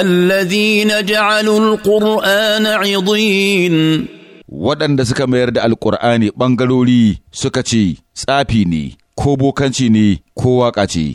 الذين جعلوا القرآن عضين waɗanda suka mayar da alƙur'ani ɓangarori suka ce tsafi ne ko bokanci ne ko waka ce